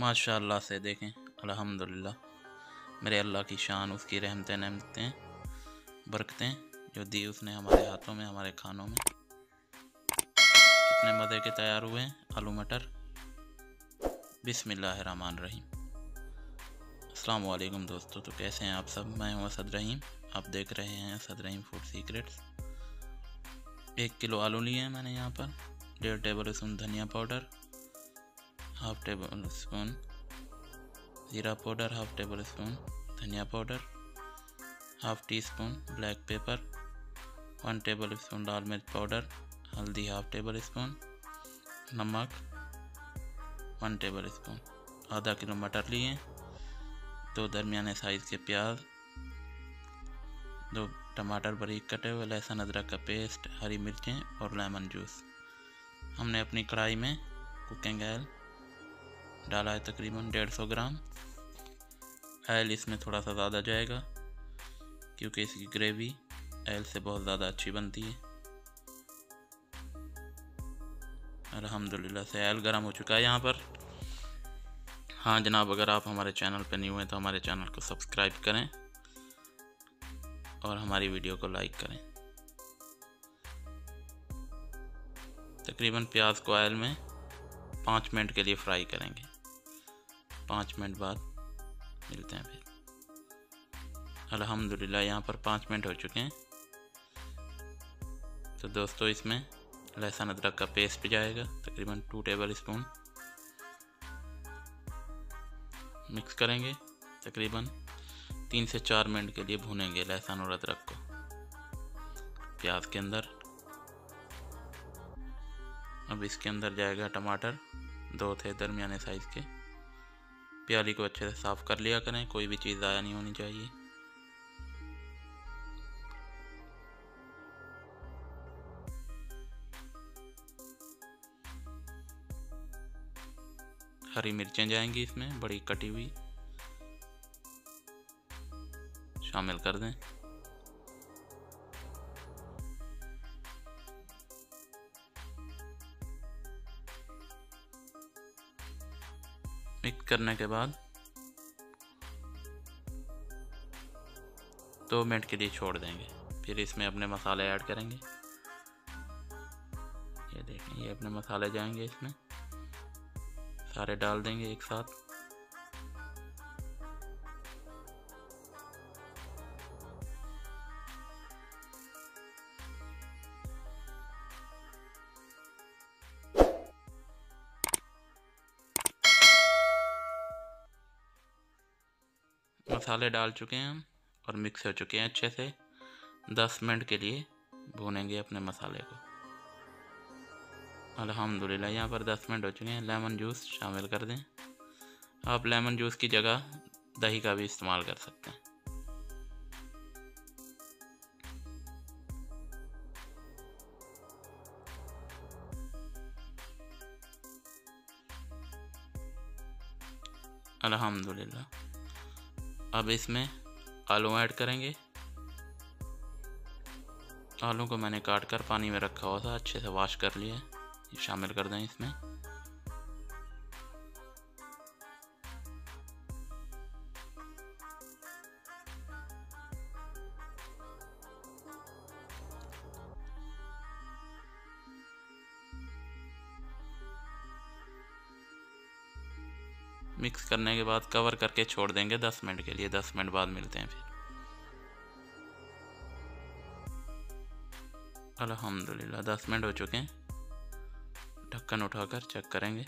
माशाल्लाह से देखें अल्हम्दुलिल्लाह मेरे अल्लाह की शान उसकी रहमतें नमतें बरकतें जो दी उसने हमारे हाथों में हमारे खानों में कितने मज़े के तैयार हुए आलू मटर रहीम अल्लाम दोस्तों तो कैसे हैं आप सब मैं हूँ असद रहीम आप देख रहे हैं असद रहीम फूड सीक्रेट्स एक किलो आलू लिए हैं मैंने यहाँ पर डेढ़ टेबल स्पून धनिया पाउडर हाफ़ टेबल स्पून जीरा पाउडर हाफ टेबल स्पून धनिया powder half teaspoon black pepper one tablespoon लाल मिर्च पाउडर हल्दी हाफ टेबल स्पून नमक वन टेबल स्पून आधा किलो मटर लिए दो दरमियाने साइज़ के प्याज दो टमाटर बारीक कटे हुए लहसुन अदरक का पेस्ट हरी मिर्चें और लेमन जूस हमने अपनी कढ़ाई में कुकिंग ऑयल डाला है तकरीबन डेढ़ सौ ग्राम एल इसमें थोड़ा सा ज़्यादा जाएगा क्योंकि इसकी ग्रेवी ऐल से बहुत ज़्यादा अच्छी बनती है अलहमदिल्ला से एल गर्म हो चुका है यहाँ पर हाँ जनाब अगर आप हमारे चैनल पर नहीं हैं तो हमारे चैनल को सब्सक्राइब करें और हमारी वीडियो को लाइक करें तकरीबन प्याज को आयल में पाँच मिनट के लिए फ्राई करेंगे पाँच मिनट बाद मिलते हैं फिर अल्हम्दुलिल्लाह यहाँ पर पाँच मिनट हो चुके हैं तो दोस्तों इसमें लहसुन अदरक का पेस्ट भी जाएगा तकरीबन टू टेबल स्पून मिक्स करेंगे तकरीबन तीन से चार मिनट के लिए भूनेंगे लहसुन और अदरक को प्याज के अंदर अब इसके अंदर जाएगा टमाटर दो थे दरमियाने साइज़ के प्याली को अच्छे से साफ़ कर लिया करें कोई भी चीज़ ज़ाया नहीं होनी चाहिए हरी मिर्चें जाएंगी इसमें बड़ी कटी हुई शामिल कर दें करने के बाद दो मिनट के लिए छोड़ देंगे फिर इसमें अपने मसाले ऐड करेंगे ये देखें ये अपने मसाले जाएंगे इसमें सारे डाल देंगे एक साथ मसाले डाल चुके हैं हम और मिक्स हो चुके हैं अच्छे से दस मिनट के लिए भूनेंगे अपने मसाले को अल्हम्दुलिल्लाह यहाँ पर दस मिनट हो चुके हैं लेमन जूस शामिल कर दें आप लेमन जूस की जगह दही का भी इस्तेमाल कर सकते हैं अल्हम्दुलिल्लाह अब इसमें आलू ऐड करेंगे आलू को मैंने काट कर पानी में रखा हुआ था अच्छे से वाश कर लिया शामिल कर दें इसमें मिक्स करने के बाद कवर करके छोड़ देंगे दस मिनट के लिए दस मिनट बाद मिलते हैं फिर अल्हम्दुलिल्लाह दस मिनट हो चुके हैं ढक्कन उठाकर चेक करेंगे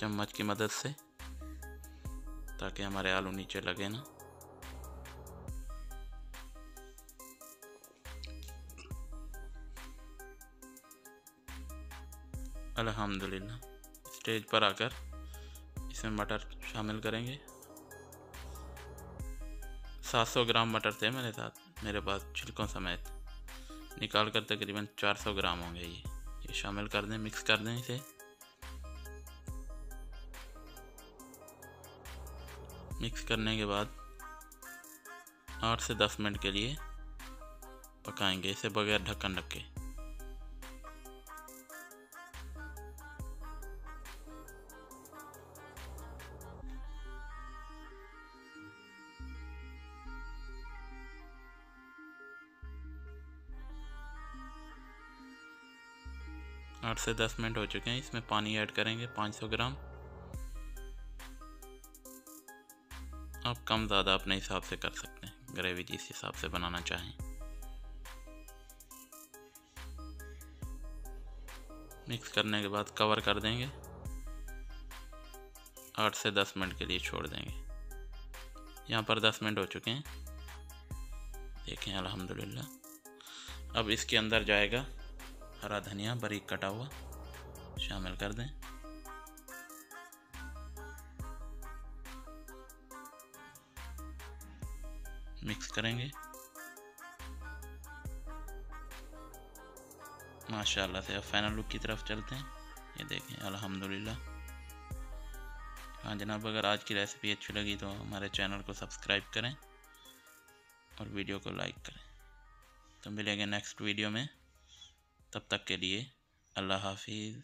चम्मच की मदद से ताकि हमारे आलू नीचे लगे ना अल्हम्दुलिल्लाह स्टेज पर आकर इसमें मटर शामिल करेंगे 700 ग्राम मटर थे मेरे साथ मेरे पास छिलकों समेत निकाल कर तकरीबन 400 ग्राम होंगे ये ये शामिल कर दें मिक्स कर दें इसे मिक्स करने के बाद आठ से दस मिनट के लिए पकाएंगे इसे बगैर ढक्कन रख के आठ से दस मिनट हो चुके हैं इसमें पानी ऐड करेंगे पाँच सौ ग्राम आप कम ज़्यादा अपने हिसाब से कर सकते हैं ग्रेवी जिस हिसाब से बनाना चाहें मिक्स करने के बाद कवर कर देंगे आठ से दस मिनट के लिए छोड़ देंगे यहाँ पर दस मिनट हो चुके हैं देखें अल्हम्दुलिल्लाह अब इसके अंदर जाएगा हरा धनिया बारीक कटा हुआ शामिल कर दें मिक्स करेंगे माशाल्लाह से अब फाइनल लुक की तरफ चलते हैं ये देखें अल्हम्दुलिल्लाह हाँ जनाब अगर आज की रेसिपी अच्छी लगी तो हमारे चैनल को सब्सक्राइब करें और वीडियो को लाइक करें तो मिलेंगे नेक्स्ट वीडियो में तब तक के लिए अल्लाह हाफिज़